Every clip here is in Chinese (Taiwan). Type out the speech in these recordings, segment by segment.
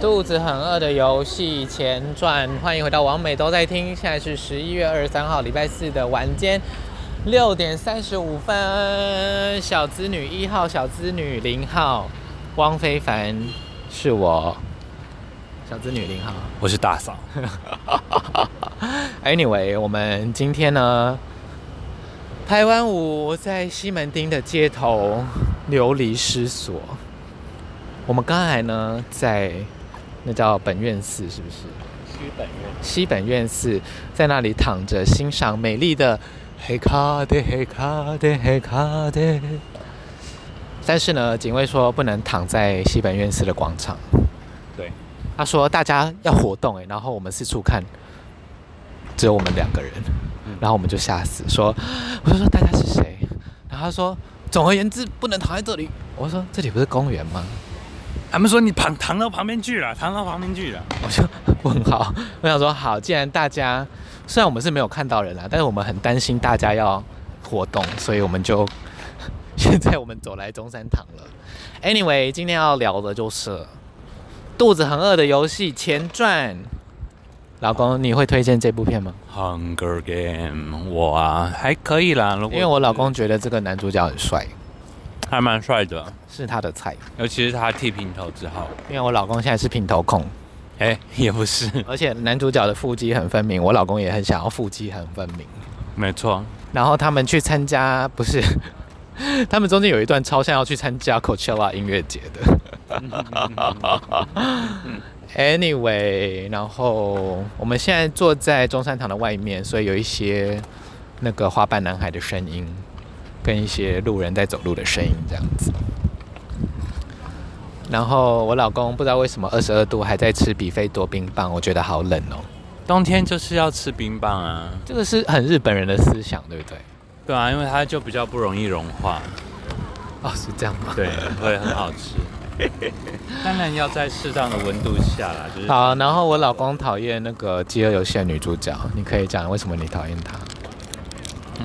肚子很餓的遊戲前傳，歡迎回到王美都在聽。現在是十一月二十三號禮拜四的晚間六點三十五分。小資女一號，小資女零號，汪非凡，是我。小資女零號，我是大嫂。 Anyway，我們今天呢，台灣舞在西門町的街頭流離失所。我們剛才呢，在那叫本願寺，是不是？西本,西本願寺，在那裡躺着欣賞美麗的黑咖啡，黑咖啡，黑咖啡。但是呢，警衛說不能躺在西本願寺的廣場。對。他說大家要活動，誒，然後我們四處看，只有我們兩個人，然後我們就嚇死，說，我就說大家是誰？然後他說，總而言之不能躺在這裡。我說這裡不是公園嗎？他們說你躺躺到旁邊去了，躺到旁邊去了。我就問號，我想說好，既然大家雖然我們是沒有看到人啊，但是我們很擔心大家要活動，所以我們就現在我們走來中山堂了。Anyway，今天要聊的就是《肚子很餓的遊戲》前傳。老公，你會推薦這部片嗎？《Hunger Game》，我啊還可以啦，如果，因為我老公覺得這個男主角很帥。還蠻帥的、啊，是他的菜，尤其是他剃平頭之後，因為我老公現在是平頭控，哎、欸，也不是，而且男主角的腹肌很分明，我老公也很想要腹肌很分明，沒錯。然後他們去參加，不是，他們中間有一段超像要去參加 Coachella 音樂節的。 Anyway，然後我們現在坐在中山堂的外面，所以有一些那個花瓣男孩的聲音。跟一些路人在走路的聲音這樣子，然後我老公不知道為什麼二十二度還在吃比菲多冰棒，我覺得好冷哦。冬天就是要吃冰棒啊，這個是很日本人的思想，對不對？對啊，因為它就比較不容易融化。哦，是這樣嗎？對， 會很好吃。當然要在適當的溫度下啦。就是、好、啊，然後我老公討厭那個《飢餓遊戲》的女主角，你可以講為什麼你討厭她？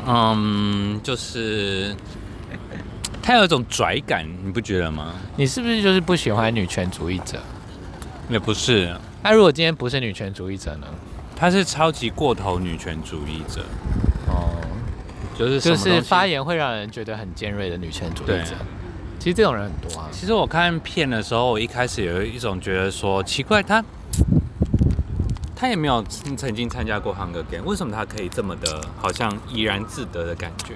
嗯，就是他有一種拽感，你不覺得嗎？你是不是就是不喜歡女權主義者？也不是。他、啊、如果今天不是女權主義者呢？他是超級過頭女權主義者。哦，就是就是發言會讓人覺得很尖銳的女權主義者。對，其實這種人很多啊。其實我看片的時候，我一開始有一種覺得說奇怪，他。他也沒有曾經參加過 Hunger Game 為什麼他可以這麼的，好像怡然自得的感覺？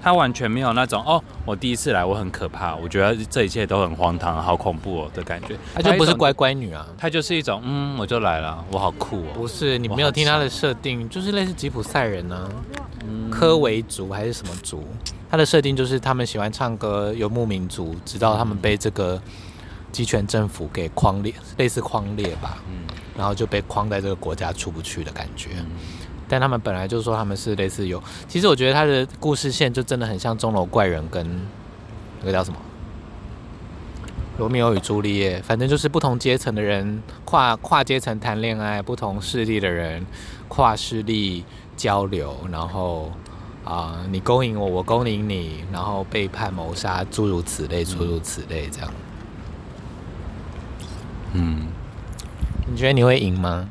他完全沒有那種哦，我第一次來，我很可怕，我覺得這一切都很荒唐，好恐怖哦的感覺。他就不是乖乖女啊，她就是一種嗯，我就來了，我好酷哦。不是，你沒有聽她的設定，就是類似吉普賽人啊，科維族還是什麼族？他的設定就是他們喜歡唱歌，游牧民族，直到他們被這個集權政府給匡列，類似匡列吧。嗯然後就被框在這個國家出不去的感覺，但他們本來就說他們是類似有，其實我覺得他的故事線就真的很像鐘樓怪人跟那個叫什麼《羅密歐與朱麗葉》，反正就是不同階層的人跨跨階層談戀愛，不同勢力的人跨勢力交流，然後啊、呃，你勾引我，我勾引你，然後背叛、謀殺，諸如此類，諸如此類，這樣，嗯。嗯你覺得你會贏嗎？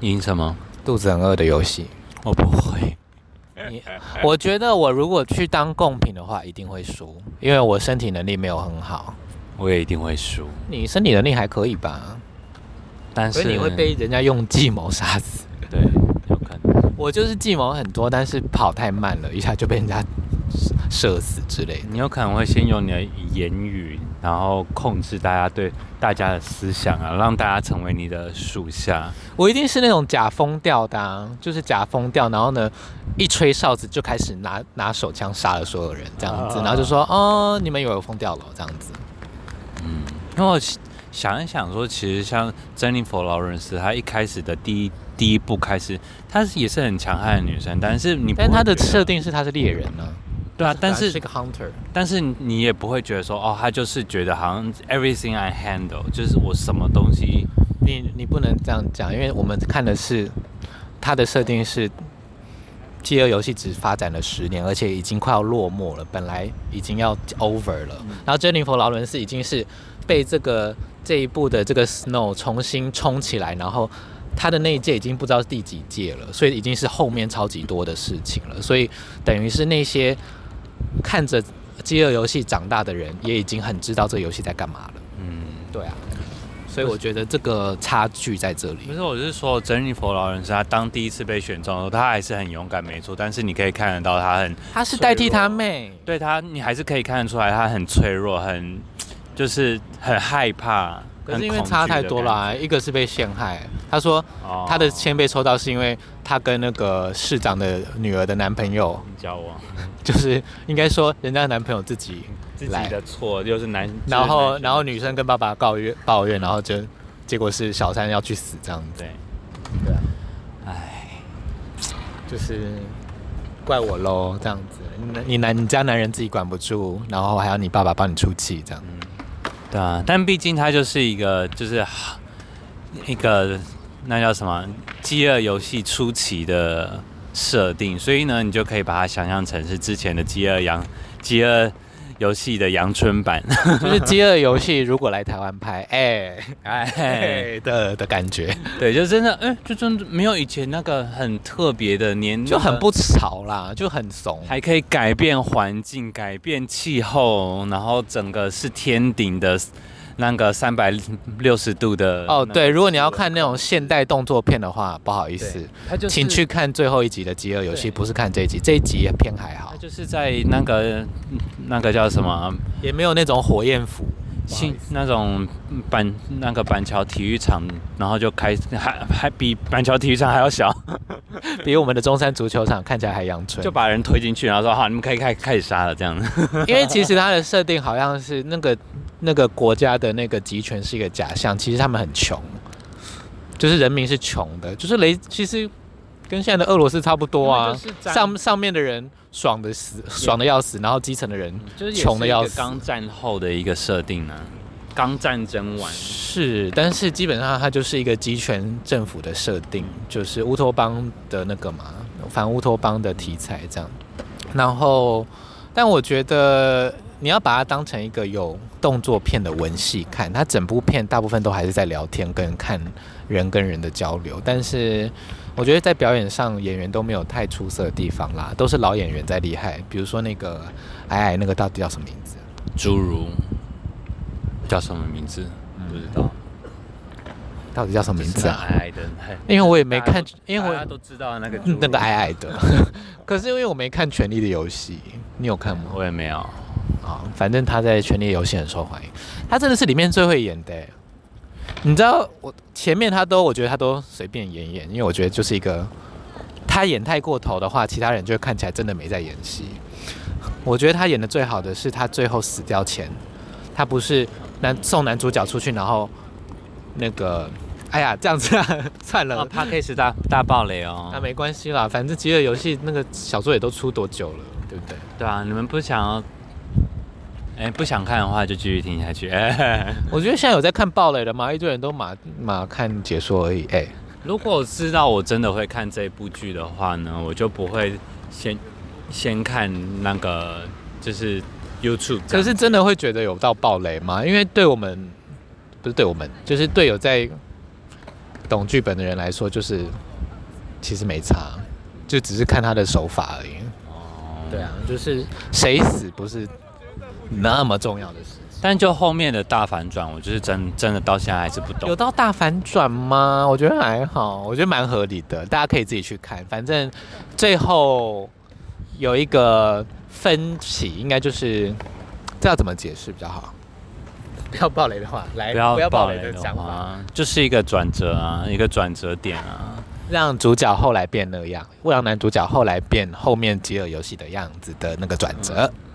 贏什麼？肚子很餓的遊戲，我不會。你我覺得我如果去當貢品的話，一定會輸，因為我身體能力沒有很好。我也一定會輸。你身體能力還可以吧？但是你會被人家用計謀殺死。對，有可能。我就是計謀很多，但是跑太慢了，一下就被人家。射死之類，你有可能會先用你的言語，然後控制大家對大家的思想啊，讓大家成為你的屬下。我一定是那種假瘋掉的、啊，就是假瘋掉，然後呢，一吹哨子就開始拿拿手槍殺了所有人這樣子，啊、然後就說，哦，你們以為我瘋掉了這樣子。嗯，因為我想一想說，其實像珍妮弗勞倫斯，她一開始的第一第一步開始，她也是很強悍的女生，嗯、但是你，但她的設定是她是獵人呢、啊。嗯對啊，但是這個 hunter，但是你也不會覺得說哦，他就是覺得好像 everything I handle 就是我什麼東西你，你你不能這樣講，因為我們看的是他的設定是飢餓遊戲只發展了十年，而且已經快要落幕了，本來已經要 over 了，嗯、然後珍妮佛勞倫斯已經是被這個這一部的這個 snow 重新衝起來，然後他的那一屆已經不知道第幾屆了，所以已經是後面超級多的事情了，所以等於是那些。看着《飢餓遊戲》長大的人，也已經很知道這遊戲在幹嘛了。嗯，對啊，所以我覺得這個差距在這裡。不是，不是，我是說，珍妮佛勞倫斯他當第一次被選中的時候，他還是很勇敢，沒錯。但是你可以看得到他很，他是代替他妹，對他你還是可以看得出來他很脆弱，很就是很害怕。可是因為差太多了，一個是被陷害，他說他的籤被抽到是因為。她跟那個市長的女兒的男朋友交往， 就是應該說人家的男朋友自己自己的錯，就是男然後男然後女生跟爸爸告怨抱怨，然後就結果是小三要去死這樣對對，唉，就是怪我嘍，這樣子，你你男你家男人自己管不住，然後還要你爸爸幫你出氣這樣。嗯，對啊，但畢竟他就是一個就是一個。一個那叫什麼？飢餓遊戲初期的設定，所以呢，你就可以把它想象成是之前的飢餓羊，飢餓遊戲的陽春版，就是飢餓遊戲如果來台灣拍，哎、欸、哎、欸欸、的的感覺，對，就真的，哎、欸，就真的沒有以前那個很特別的年，就很不潮啦，就很慫，還可以改變環境、改變氣候，然後整個是天頂的。那個三百六十度的哦，對，如果你要看那種現代動作片的話，不好意思，就是，請去看最後一集的《飢餓遊戲》，不是看這一集，對這一集片還好。就是在那個那個叫什麼、嗯，也沒有那種火焰斧，那種板那個板橋體育場，然後就開還還比板橋體育場還要小， 比我們的中山足球場看起來還陽春，就把人推進去，然後說好，你們可以開開始殺了這樣子。 因為其實它的設定好像是那個。那個國家的那個集權是一個假象，其實他們很窮，就是人民是窮的，就是雷其實跟現在的俄羅斯差不多啊，上上面的人爽的死，Yeah. 爽的要死，然後基層的人就是窮的要死。剛戰後的一個設定呢，啊，剛戰爭完是，但是基本上它就是一個集權政府的設定，就是烏托邦的那個嘛，反烏托邦的題材這樣。然後，但我覺得你要把它當成一個有。動作片的文戲看，他整部片大部分都還是在聊天跟看人跟人的交流，但是我覺得在表演上演員都沒有太出色的地方啦，都是老演員在厲害。比如說那個矮矮那個到底叫什麼名字？侏儒叫什麼名字？不知道，對到底叫什麼名字啊？是矮矮的，因為我也沒看，因為我大家都知道那個那個矮矮的呵呵，可是因為我沒看《權力的遊戲》，你有看嗎？我也沒有。反正他在權力遊戲很受歡迎，他真的是裡面最會演的、欸。你知道我前面他都，我覺得他都隨便演演，因為我覺得就是一個，他演太過頭的話，其他人就會看起來真的沒在演戲。我覺得他演的最好的是他最後死掉前，他不是男送男主角出去，然後那個，哎呀，這樣子、啊、 算了，他、哦、可以是大大爆雷哦，那、啊、沒關係啦，反正飢餓遊戲那個小說也都出多久了，對不對？對啊，你們不想要。哎、欸，不想看的話就繼續聽下去。哎、欸，我覺得現在有在看爆雷的嗎？一堆人都馬馬看解說而已。哎、欸，如果我知道我真的會看這部劇的話呢，我就不會先先看那個就是 YouTube。可是真的會覺得有到爆雷嗎？因為對我們不是對我們，就是對有在懂劇本的人來說，就是其實沒差，就只是看他的手法而已。哦，對啊，就是誰死不是。那麼重要的事，但就後面的大反轉，我就是真真的到現在還是不懂。有到大反轉嗎？我覺得還好，我覺得蠻合理的，大家可以自己去看。反正最後有一個分歧，應該就是這要怎麼解釋比較好？不要，爆不要暴雷的話，來不要暴雷的話，就是一個轉折啊，嗯、一個轉折點啊，讓主角後來變那樣，讓男主角後來變後面飢餓遊戲的樣子的那個轉折。嗯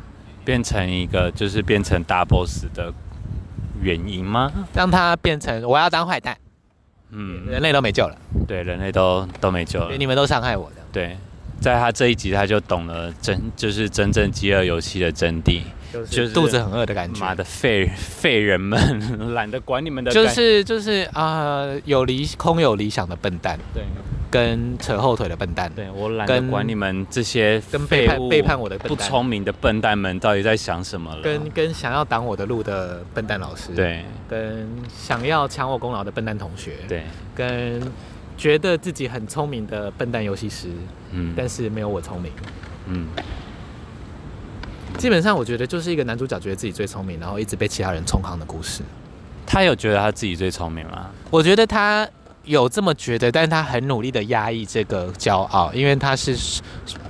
變成一個就是變成大 boss 的原因嗎？讓他變成我要當壞蛋，嗯，人類都沒救了。對，人類都都沒救了。你們都傷害我的。對，在他這一集，他就懂了真就是真正飢餓遊戲的真諦。就是肚子很餓的感覺、就是。媽、就是、的廢廢人們，懶得管你們的感覺、就是。就是就是啊，有理空有理想的笨蛋，對，跟扯後腿的笨蛋，對，我懶得管你們這些跟背叛背叛我的笨蛋不聰明的笨蛋們到底在想什麼了？跟跟想要擋我的路的笨蛋老師，對，跟想要搶我功勞的笨蛋同學，對，跟覺得自己很聰明的笨蛋遊戲師，嗯，但是沒有我聰明，嗯。基本上我覺得就是一個男主角覺得自己最聰明，然後一直被其他人沖康的故事。他有覺得他自己最聰明嗎？我覺得他有這麼覺得，但是他很努力的壓抑這個驕傲，因為他是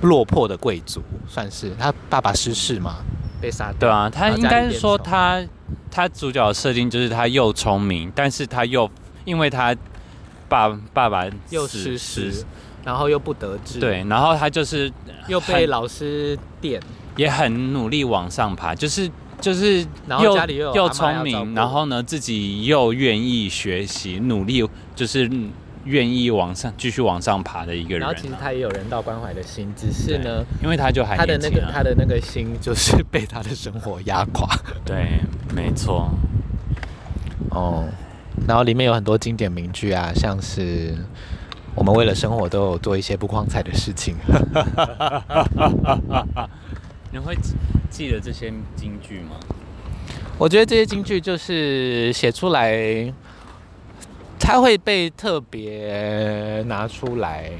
落魄的貴族，算是他爸爸失勢嘛，被殺掉。對啊，他應該是說他他主角的設定就是他又聰明，但是他又因為他爸爸爸爸又失勢，失然後又不得志。對，然後他就是又被老師電。也很努力往上爬，就是就是又然後家裡又聰明，然後呢，自己又願意學習努力，就是願意往上繼續往上爬的一個人。然後其實他也有人道關懷的心，只是呢，因為他就還年輕，他的那個他的那個心就是被他的生活壓垮。 對，沒錯。哦，然後裡面有很多經典名句啊，像是我們為了生活都有做一些不光彩的事情。你會記得這些金句嗎？我覺得這些金句就是寫出來，它會被特別拿出來。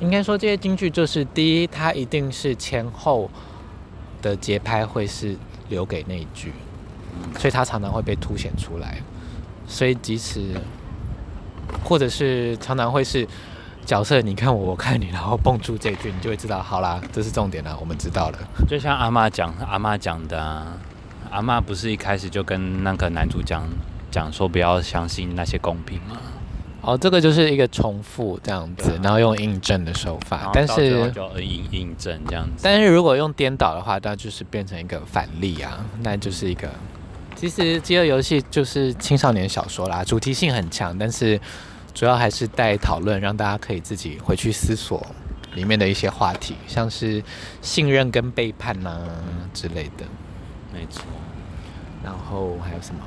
應該說，這些金句就是第一，它一定是前後的節拍會是留給那一句，所以它常常會被凸顯出來。所以，即使或者是常常會是。角色，你看我，我看你，然後蹦出這句，你就會知道，好啦，這是重點了啊，我們知道了。就像阿嬤講，阿嬤講的啊，阿嬤不是一開始就跟那個男主講講說不要相信那些公平嗎？哦，這個就是一個重複這樣子，啊，然後用印證的手法。但是印印證這樣子但。但是如果用顛倒的話，那就是變成一個反例啊，那就是一個。其實《飢餓遊戲》就是青少年小說啦，主題性很強，但是。主要還是帶討論，讓大家可以自己回去思索裡面的一些話題，像是信任跟背叛吶之類的。沒錯，然後還有什麼？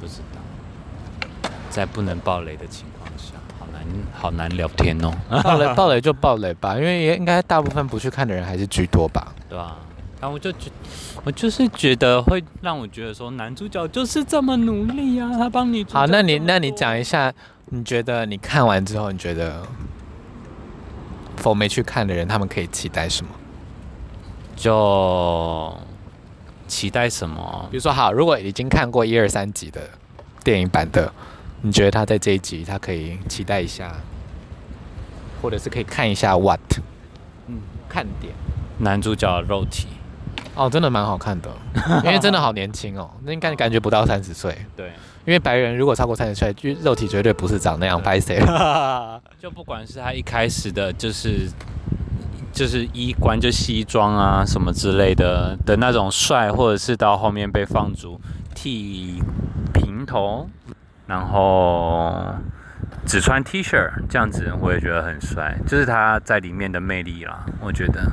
不知道，在不能爆雷的情況下，好難好難聊天哦。爆雷爆雷就爆雷吧，因為也應該大部分不去看的人還是居多吧？對吧？然後我就覺，我就是覺得會讓我覺得說，男主角就是這麼努力呀，啊，他幫你。好，那你那你講一下，你覺得你看完之後，你覺得，否沒去看的人，他們可以期待什麼？就期待什麼？比如說，好，如果已經看過一二三集的電影版的，你覺得他在這一集，他可以期待一下，或者是可以看一下 what？嗯，看點。男主角肉體。哦，真的蠻好看的，因為真的好年輕哦，那應該感覺不到三十歲。對，因為白人如果超過三十歲，就肉體絕對不是長那樣白色。就不管是他一開始的，就是就是衣冠就西裝啊什麼之類的的那種帥，或者是到後面被放逐剃平頭，然後只穿 T 恤這樣子，我也覺得很帥，就是他在裡面的魅力啦，我覺得。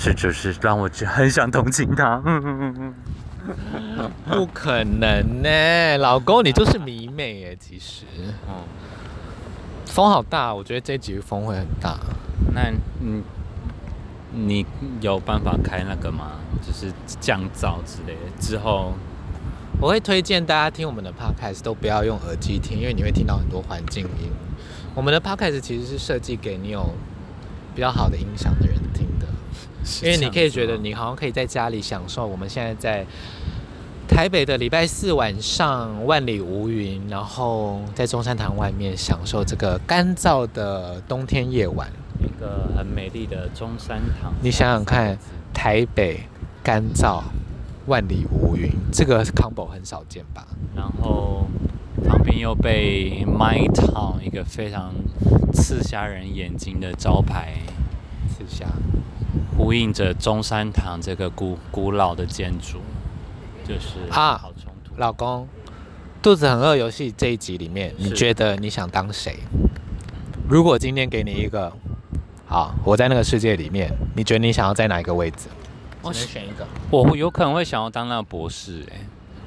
是，就是讓我就很想同情他。嗯嗯嗯嗯，不可能呢、欸，老公，你就是迷妹誒。其實。哦。風好大，我覺得這幾個風會很大。那，你，你有辦法開那個嗎？就是降噪之類的。之後，我會推薦大家聽我們的 Podcast，都不要用耳機聽，因為你會聽到很多環境音。我們的 Podcast 其實是設計給你有比較好的音響的人聽的。因為你可以覺得你好像可以在家裡享受。我們現在在台北的禮拜四晚上，萬里無雲，然後在中山堂外面享受這個乾燥的冬天夜晚，一個很美麗的中山堂。你想想看，台北乾燥、萬里無雲，這個 combo 很少見吧？然後旁邊又被 My Town 一個非常刺瞎人眼睛的招牌刺瞎。呼應着中山堂這個古古老的建築，就是好衝突啊，老公，肚子很餓遊戲這一集裡面，你覺得你想當誰？是如果今天給你一個，好，我在那個世界裡面，你覺得你想要在哪一個位置？我選一個，我有可能會想要當那個博士、欸，誒，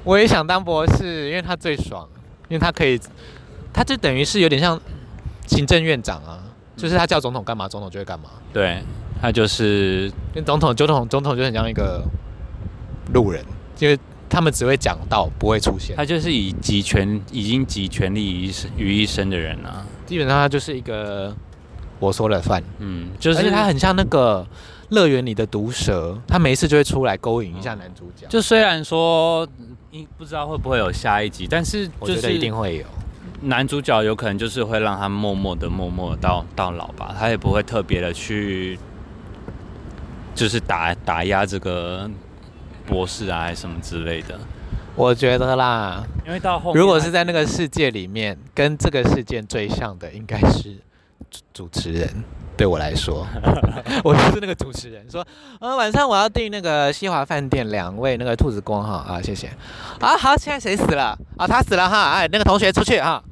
我也想當博士，因為他最爽，因為他可以，他就等於是有點像行政院長啊，就是他叫總統幹嘛，總統就會幹嘛，對。他就是跟總統、總統、總統就很像一個路人，就他們只會講到，不會出現。他就是以集權、已經集權力於於一身的人啊，基本上他就是一個我說了算，嗯，就是。而且他很像那個樂園裡的毒蛇，嗯、他每次就會出來勾引一下男主角。就雖然說，你不知道會不會有下一集，但是、就是、我覺得一定會有。男主角有可能就是會讓他默默的、默默的到、嗯、到老吧，他也不會特別的去。就是打打壓這個博士啊，什麼之類的，我覺得啦，因為到後面如果是在那個世界裡面，跟這個世界最像的應該是主持人，對我來說， 我就是那個主持人，說，嗯、呃，晚上我要訂那個西華飯店，兩位那個兔子公哈，啊，謝謝，啊，好，現在誰死了？啊，他死了哈，哎，那個同學出去哈。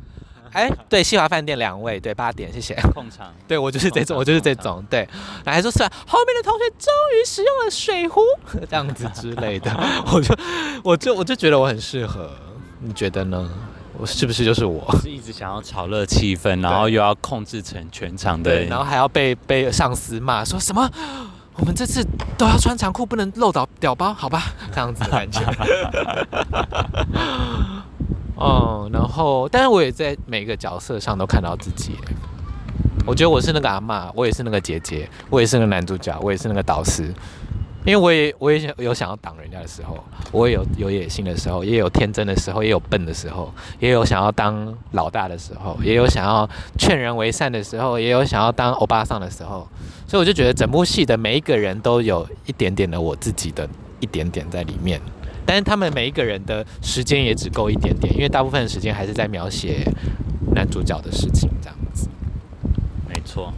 哎、欸，對，西華飯店兩位，對，八點，謝謝。控場，對我就是這種，場我就是這種，對。然後還說算，是後面的同學終於使用了水壺，這樣子之類的， 我就，我就，我就覺得我很適合。你覺得呢？我是不是就是我？是,我是一直想要炒熱氣氛，然後又要控制成全場的對對，然後還要被被上司罵，說什麼？我們這次都要穿長褲，不能漏到屌包，好吧？這樣子的感覺。 嗯，oh, 然後，但是我也在每個角色上都看到自己。我覺得我是那個阿嬤，我也是那個姐姐，我也是那個男主角，我也是那個導師。因為我也，我也有想要擋人家的時候，我也有有野心的時候，也有天真的時候，也有笨的時候，也有想要當老大的時候，也有想要勸人為善的時候，也有想要當歐巴桑的時候。所以我就覺得整部戲的每一個人都有一點點的我自己的一點點在裡面。但是他們每一個人的時間也只夠一點點，因為大部分的時間還是在描寫男主角的事情這樣子。沒錯錯，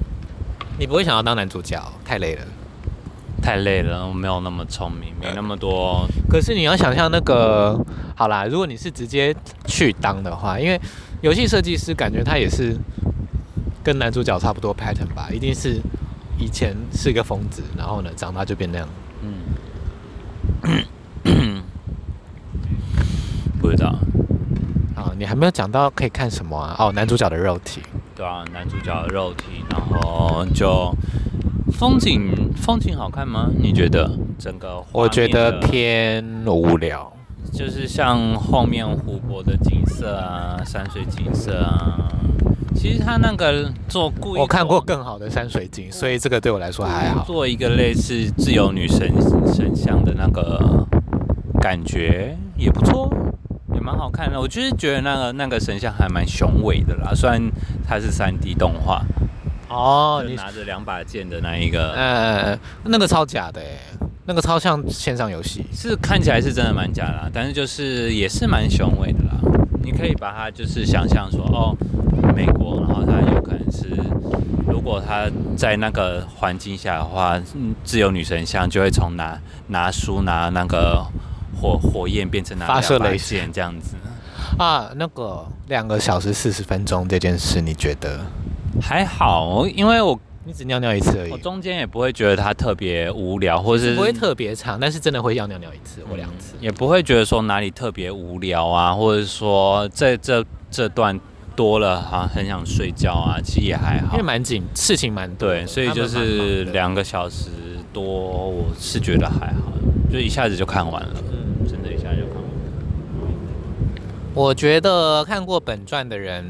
你不會想要當男主角，太累了，太累了。我沒有那麼聰明，對沒那麼多。可是你要想象那個，好啦，如果你是直接去當的話，因為遊戲設計師感覺他也是跟男主角差不多 pattern 吧，一定是以前是個瘋子，然後呢，長大就變那樣。啊、哦，你還沒有講到可以看什麼啊？哦，男主角的肉體，對啊，男主角的肉體，然後就風景。風景好看嗎？你覺得？整個，我覺得偏無聊，就是像後面湖泊的景色啊，山水景色啊。其實他那個做過，我看過更好的山水景，嗯、所以這個對我來說還好。做一個類似自由女神神像的那個感覺也不錯。看了，我就是覺得那個那個神像還蠻雄偉的啦，雖然它是 3D 動畫，哦，就拿着兩把劍的那一個，呃，那個超假的，那個超像線上遊戲，是看起來是真的蠻假的，但是就是也是蠻雄偉的啦。你可以把它就是想象說，哦，美國，然後它有可能是，如果它在那個環境下的話，自由女神像就會從拿拿書拿那個火火焰變成發射雷線這樣子。啊，那個兩個小時四十分鐘這件事，你覺得還好？因為我一直尿尿一次而已，我中間也不會覺得它特別無聊，或是不會特別長，但是真的會尿尿尿一次、嗯、或兩次，也不會覺得說哪裡特別無聊啊，或者是說這這這段多了哈、啊、很想睡覺啊，其實也還好，因為蠻緊，事情蠻多，對，所以就是兩個小時多，我是覺得還好，就一下子就看完了，嗯，真的一下就。我覺得看過本傳的人，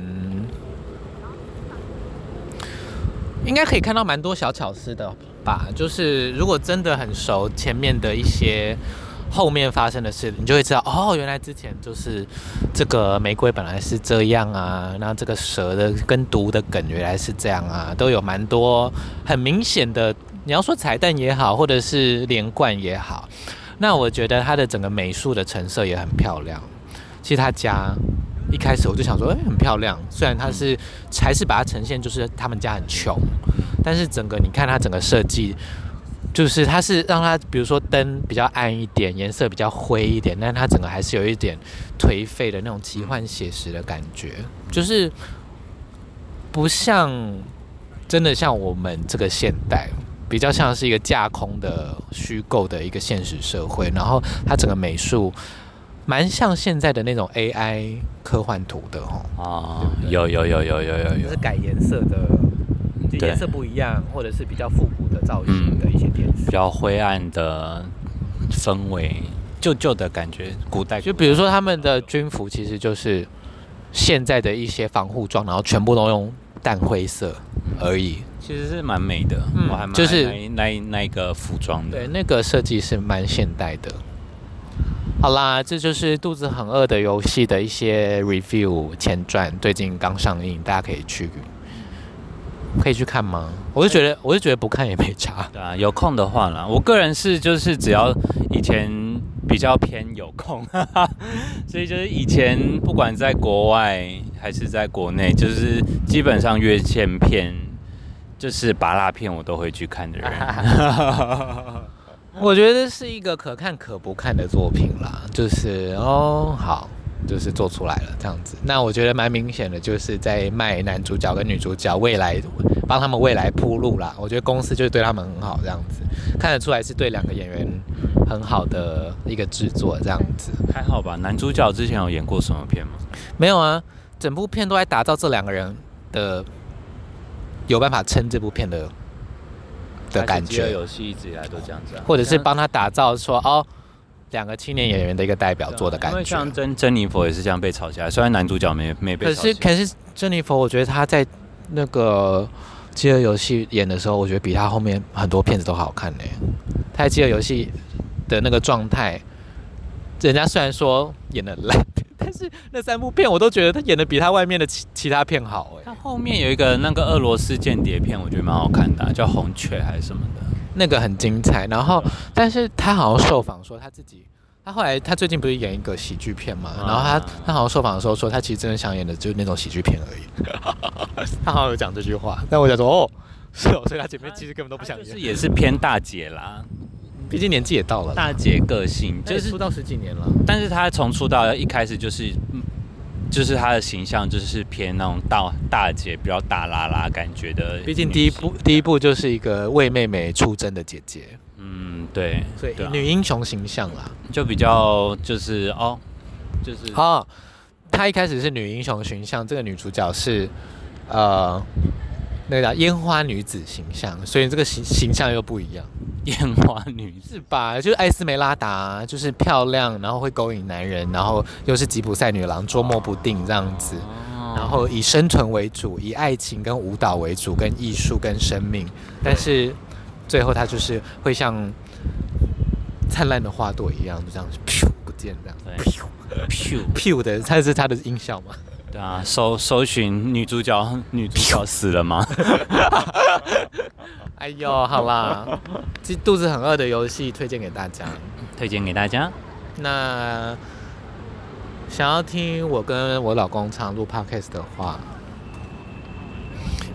應該可以看到蠻多小巧思的吧。就是如果真的很熟前面的一些，後面發生的事，你就會知道哦，原來之前就是這個玫瑰本來是這樣啊，那這個蛇的跟毒的梗原來是這樣啊，都有蠻多很明顯的。你要說彩蛋也好，或者是連貫也好，那我覺得它的整個美術的成色也很漂亮。其實他家一開始我就想說，誒，很漂亮。雖然他是還是把它呈現，就是他們家很窮，但是整個你看他整個設計，就是他是讓他比如說燈比較暗一點，顏色比較灰一點，但他整個還是有一點頹廢的那種奇幻寫實的感覺，就是不像真的像我們這個現代，比較像是一個架空的虛構的一個現實社會，然後他整個美術。蠻像現在的那種 AI 科幻圖的哦。啊，有有有有有有有，是改顏色的，就顏色不一樣，對或者是比較復古的造型的一些電視，嗯、比較灰暗的氛圍，舊舊的感覺，古代，古代。就比如說他們的軍服，其實就是現在的一些防護裝，然後全部都用淡灰色而已。嗯、其實是蠻美的，嗯、我還蠻就是那那個服裝的，對，那個設計是蠻現代的。好啦，這就是肚子很餓的遊戲的一些 review 前傳，最近剛上映，大家可以去，可以去看嗎？我就覺得，我就覺得不看也沒差，對啊，有空的話啦，我個人是就是只要以前比較偏有空， 所以就是以前不管在國外還是在國內，就是基本上院線片，就是芭樂片我都會去看的人。 我覺得是一個可看可不看的作品啦，就是哦，好，就是做出來了這樣子。那我覺得蠻明顯的，就是在賣男主角跟女主角未來，幫他們未來鋪路啦。我覺得公司就是對他們很好，這樣子看得出來是對兩個演員很好的一個制作，這樣子。還好吧？男主角之前有演過什麼片嗎？沒有啊，整部片都在打造這兩個人的，有辦法撐這部片的的感覺。或者是幫他打造說哦，兩個青年演員的一個代表作的感覺。因為像珍珍妮佛也是這樣被吵起來，雖然男主角沒沒被吵起來。可是可是珍妮佛，我覺得他在那個《飢餓遊戲》演的時候，我覺得比他後面很多片子都好看嘞、欸。他在《飢餓遊戲》的那個狀態，人家雖然說演的爛。但是那三部片我都覺得他演的比他外面的其其他片好哎。他後面有一個那個俄羅斯間諜片，我覺得蠻好看的，叫《紅雀》還是什麼的，那個很精彩。然後，但是他好像受訪說他自己，他後來他最近不是演一個喜劇片嘛，然後他他好像受訪的時候說他其實真的想演的就是那種喜劇片而已。他好像有講這句話。但我想說哦，是哦，所以他前面其實根本都不想演，是也是偏大姐啦。畢竟年紀也到了，大姐個性就是出道十幾年了，但是她從出道一開始就是，就是她的形象就是偏那種大大姐比較大啦啦感覺的。畢竟第一部第一部就是一個為妹妹出征的姐姐，嗯對，所以對啊，女英雄形象啦，就比較就是哦，就是啊，她，哦，一開始是女英雄形象，這個女主角是呃。那個煙花女子形象，所以這個形形象又不一樣。煙花女子是吧？是吧，就是艾斯梅拉達，就是漂亮，然後會勾引男人，然後又是吉普賽女郎，捉摸不定這樣子，然後以生存為主，以愛情跟舞蹈為主，跟藝術跟生命。但是最後她就是會像燦爛的花朵一樣，就這樣子，不見這樣噗對噓的，她是她的音效嗎？啊，搜搜尋女主角，女主角死了嗎？ 哎呦，好啦，這肚子很餓的遊戲推薦給大家，推薦給大家。那想要聽我跟我老公唱錄 podcast 的話，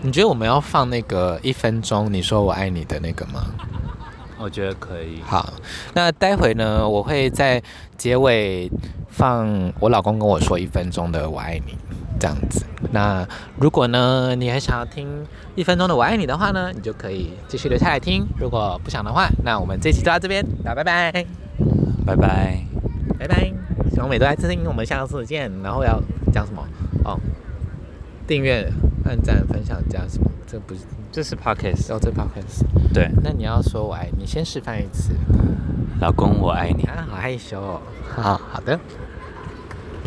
你覺得我們要放那個一分鐘你說我愛你的那個嗎？我覺得可以。好，那待會呢，我會在結尾放我老公跟我說一分鐘的我愛你。這樣子，那如果呢，你還想要聽一分鐘的“我愛你”的話呢，你就可以繼續留下來聽。如果不想的話，那我們這期就到這邊，那拜拜，拜拜，拜拜。希望每週都來聽聽，我們下次見。然後要講什麼？哦，訂閱、按讚、分享講什麼？這不是，這是 podcast 哦，這是 podcast，對，那你要說我愛你，你先示範一次。老公，我愛你。啊，好害羞哦。好，好的。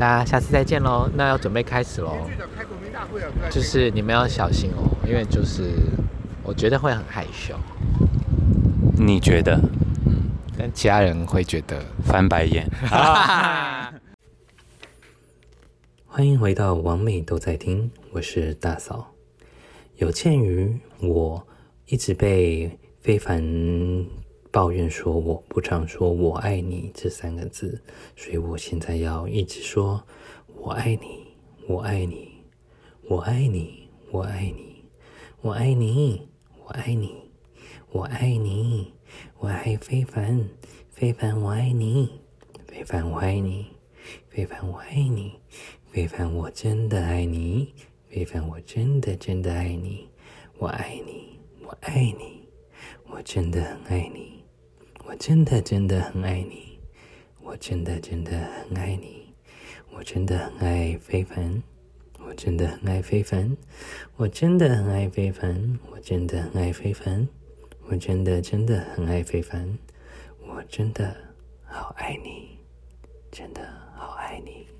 大家下次再見嘍！那要準備開始嘍，就是你們要小心哦、喔，因為就是我覺得會很害羞，你覺得？嗯，但家人會覺得翻白眼。 歡迎回到網美都在聽，我是大嫂，有鑑於我一直被非凡抱怨說我不常說“我愛你”這三個字，所以我現在要一直說“我愛你，我愛你，我愛你，我愛你，我愛你，我愛你，我愛你，我愛非凡，非凡我愛你，非凡我愛你，非凡我愛你，非凡我真的愛你，非凡我真的真的愛你，我愛你，我愛你，我真的很愛你。”我真的真的很愛你，我真的真的很愛你，我真的很愛非凡，我真的很愛非凡，我真的很愛非凡，我真的很愛非凡，我真的真的很愛非凡，我真的好愛你，真的好愛你。